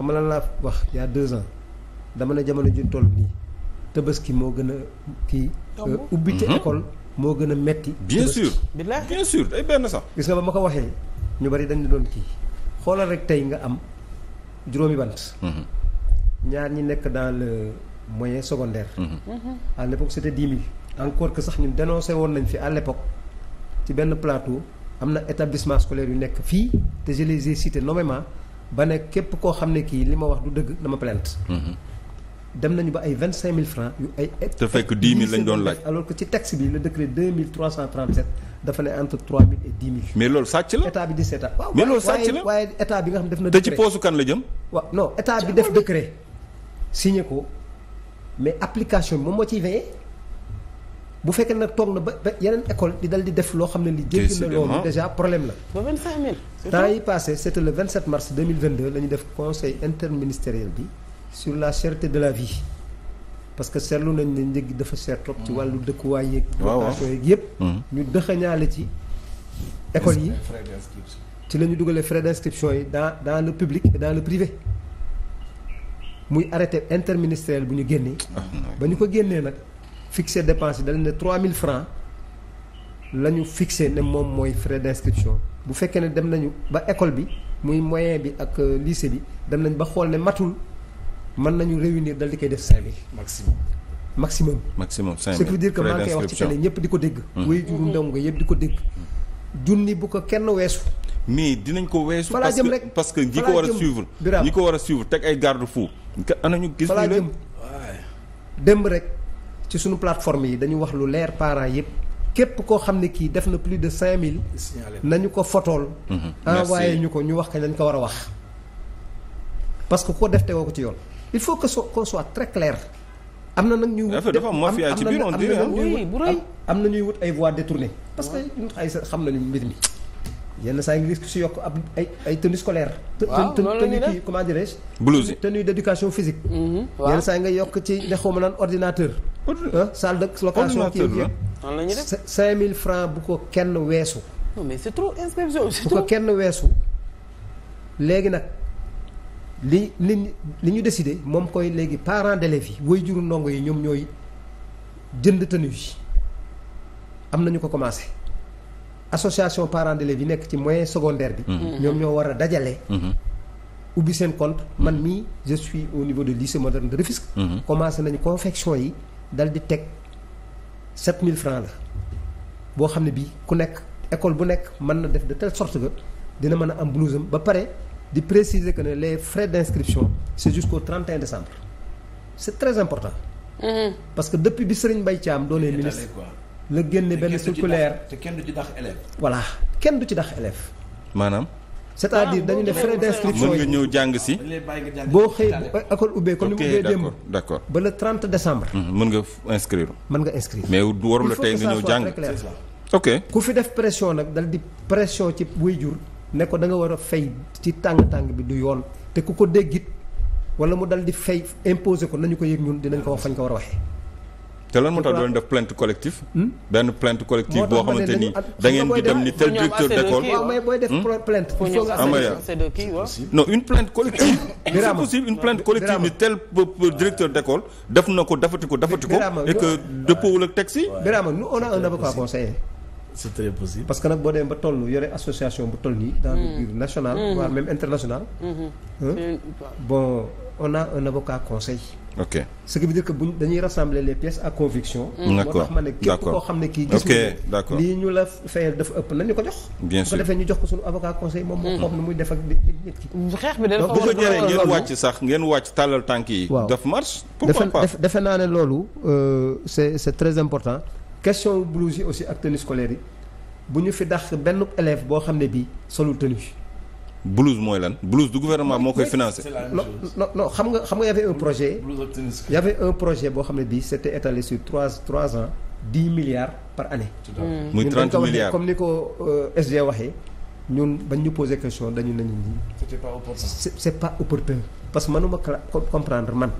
xam nga lan laa wax il y a deux ans dama ne jamono ju toll nii ki moo gën a kii. Euh, ubbite mhm. école moo gën a metti. bien sûr bien sûr ay benn sax. gis nga ba ma ko waxee ñu bari dañu doon kii xoolal rek tey nga am juróomi bant. Mhm. ñaar ñi nekk dans le moyen secondaire. Mhm. à l'époque c'était dix mille. encore que sax ñun dénoncé woon nañ fi à l'époque ci benn plateau am na établissement scolaire yu nekk fii te je les ai cités ba ne képp koo xam ne kii li ma wax du dëgg dama plainte mhm. dem nañu ba ay vingt cinq mille francs yu ay. te fekk dix mille lañ doon laaj. alors que ci texte bi le décret deux mille trois cent trente sept dafa ne entre trois mille et dix mille. mais loolu sàcc la état bi di seetaan. waaw mais waaye état bi nga xam def na. décret te ci poosu kan la jëm. waaw non état bi def décret signé ko mais application bi moom moo ciy veillé. bu fekkee nag toog na ba yeneen école di dal di def loo xam ne li jéggi na loolu déjà problème la ba 25000 temps yi passé c'était le 27 mars 2022 la ñu def conseil interministériel bi sur la cherté de la vie parce que seetlu nañ ne njëg dafa cher trop ci wàllu dëkkuwaay yeeg location yeeg yëpp hmm. ñu dëxañaale ci école yi ci la ñu dugalee frais d'inscription yi daa dans le public et dans le privé muy arrêté interministériel bu ñu génnee ah, ba ñu ko génnee nag fixé dépense yi dañ ne 3000 francs la ñu fixé ne moom mooy frais d'inscription bu fekkee ne dem nañu ba école bi muy moyen bi ak euh, lycée bi dem nañ ba xool ne matul mën nañu réunir dal di koy def 5000. maximum maximum. maximum 5000 ce qui veut dire que maa ngi koy wax ci télé ñëpp di ko dégg. wéy juru ndaw nga yëpp di ko dégg. junni bu ko kenn weesu. mais dinañ ko weesu. parce que parce que ñi ko war a suivre. ñi ko war a suivre teg ay garde-fou. ana ñu gis ñu leen démb rek. ci suñu plateforme yi dañu wax lu leer parent yëpp képp koo xam ne kii def na plus de 5000. nañu ko fotool. Mhm. envoyé ñu ko ñu wax kañ dañ ko war a wax. parce que ko def woo ko ci yoon il faut que so qu'on soit très clair. am na nag ñuy wut dafa am mafia ci biir on dirait am na ñuy wut ay voies détournées parce que ay xam nañu mbir mi. yenn saa yi gis si yokk ab ay ay tenue scolaire. waaw tenue kii comment dirais-je. blouse tenue d'éducation mhm, yenn saa yi nga yokk ci ne xaw ma naan ordinateur. Ah, salle de location kii yëpp. noonu la ñuy def 5000 francs bu ko kenn weesu. mais c'est trop inscription c'est trop bu ko kenn weesu. léegi nag li nit li ñu décidé moom koy léegi parents d'élèves yi waajuru ndongo yi ñoom ñooy jënd tenue yi am na ñu ko commencé. association parents d'élèves yi nekk ci moyen secondaire bi. Mhm. ñoom ñoo war a dajale. Mhm. ubbi seen compte mhm. man mii je suis au niveau de lycée moderne de Rufisque. commencé nañu confection yi dal di teg 7000 francs la boo xam ne bii ku nekk école bu nekk mën na def de telle sorte que dina mën a am blouse am ba pare di préciser que ne les frais d'inscription c'est jusqu'au 31 décembre c'est très important. parce que depuis bi Serigne Mbaye Thiam doonee ministre. la génne benn circulaire te kenn du ci dax élève voilà kenn du ci dax élève maanaam c'est-à-dire dañu ne frais d'inscription yi mën nga ñëw jàng si boo xëy école ubbee comme ni mu ubbee démb d'accord ba le trent décembre mën nga inscrire mën nga inscrire mais warul la tey nga ñëw jàng ok ku fi def pression nag dal di pression ci waajur ne ko danga war a fay ci tàng-tàng bi du yoon te ku ko déggit wala mu dal di fay imposer ko nañu ko yëg ñun dinañ ko wax fañ ko war a waxee te lan moo tax doon def plainte collective hmm? benn plainte collective boo xamante ni da ngeen di dem ni tel directeur d'école mais booy def hmm? plainte non une plainte collective c'est une plainte collective ni tel directeur d'école def na ko dafati ko dafati ko et que dëppoowul ak taxi Birama nous on a un avocat conseiller c'est très possible parce que nag boo demee ba toll yore association bu toll nii. dans le mm. biir national. Mm-hmm. voire même international. Mm-hmm. Mm-hmm. bon on a un avocat conseil. ok ce qui veut dire que buñ dañuy rassembler les pièces à conviction. Mm. d'accord moo xam ne kii gis nga lii ñu la fayal dafa ëpp nañu ko jox. bien sûr ñu jox ko suñu avocat conseil moom moo xam mm. ne muy def ak nit ki. xeex bi dafa war a bu ko jëree ngeen wàcc sax ngeen wàcc tàllal tànk yi. waaw def marche pourquoi pas defe naa ne loolu euh, c'est c'est très important. question blouse yi aussi ak tenue scolaire yi bu ñu fi dax benn élève boo xam ne bii solul tenue. blouse mooy lan blouse du gouvernement moo koy financé. non non non xam nga xam nga y avait projet. y avait projet boo xam ne bi bii c'était étalé sur trois trois ans dix milliards par année. muy trente milliards comme ni ko euh, SG waxee. ñun bañ ñu posé question dañu nañu nii. c'était pas opportun. c'est pas opportun parce que mënuma comprendre man.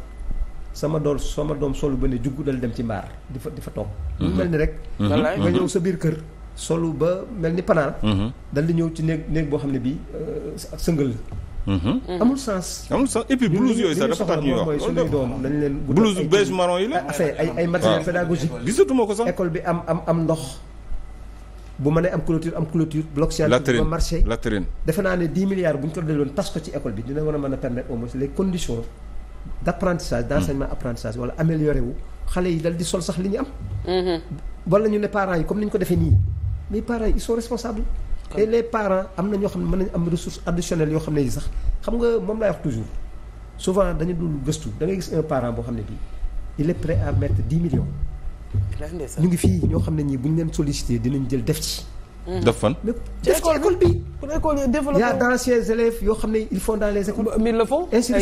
sama doom sama doom solu ba ne juggu dal dem ci mbaar di fa di fa toog. mu mhm. mel ni rek. Mhm. wallaay nga mhm. ñëw sa biir kër. solu ba mel ni panaal. dal di ñëw ci néeg néeg boo xam ne bii euh, sëngal la. amul sens. amul sens et puis blouse yooyu sax dafa doom dañ leen. blouse beige marron ah. ah. am am am ndox. bu mënee am ba marché defe naa ne 10 milliards bu ñu ko delloon tas ko ci école bi dina war a mën a permettre au moins les conditions. d'apprentissage d'enseignement hmm. apprentissage wala amélioré wu xale yi dal di sol sax li ñu am hmm. wala ñu ne parent yi comme ni ñu ko defee nii mais parents yi ils sont responsables et les parents am na ñoo xam ne mën nañu am ressources additionnelles yoo xam ne yi sax xam nga moom laay wax toujours souvent dañu dul gëstu da ngay gis un parent boo xam ne bii il est prêt à mettre dix millions ñu ngi fii ñoo xam ne ñii bu ñu leen sollicité dinañ jël def ci Mm-hmm. def fan. ci école yi yoo xam ne ils font dans les écoles. mille le font ainsi de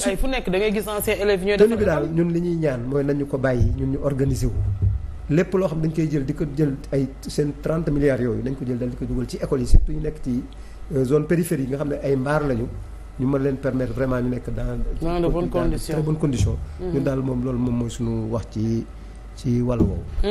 suite fu nekk da gis anciens élèves ñooy def bi daal ñun li ñuy ñaan mooy nañu ko bàyyi ñun ñu organiser lépp loo xam dañ koy jël di ko jël ay seen 30 milliards yooyu nañ ko jël daal di ko dugal ci école yi surtout ñu nekk ci euh, zone périphérique nga xam ne ay mbaar lañu. ñu mën leen permettre vraiment ñu nekk dans. dans de bonnes conditions mm-hmm. ñun daal moom loolu moom mooy suñu wax ci ci wàll woowu.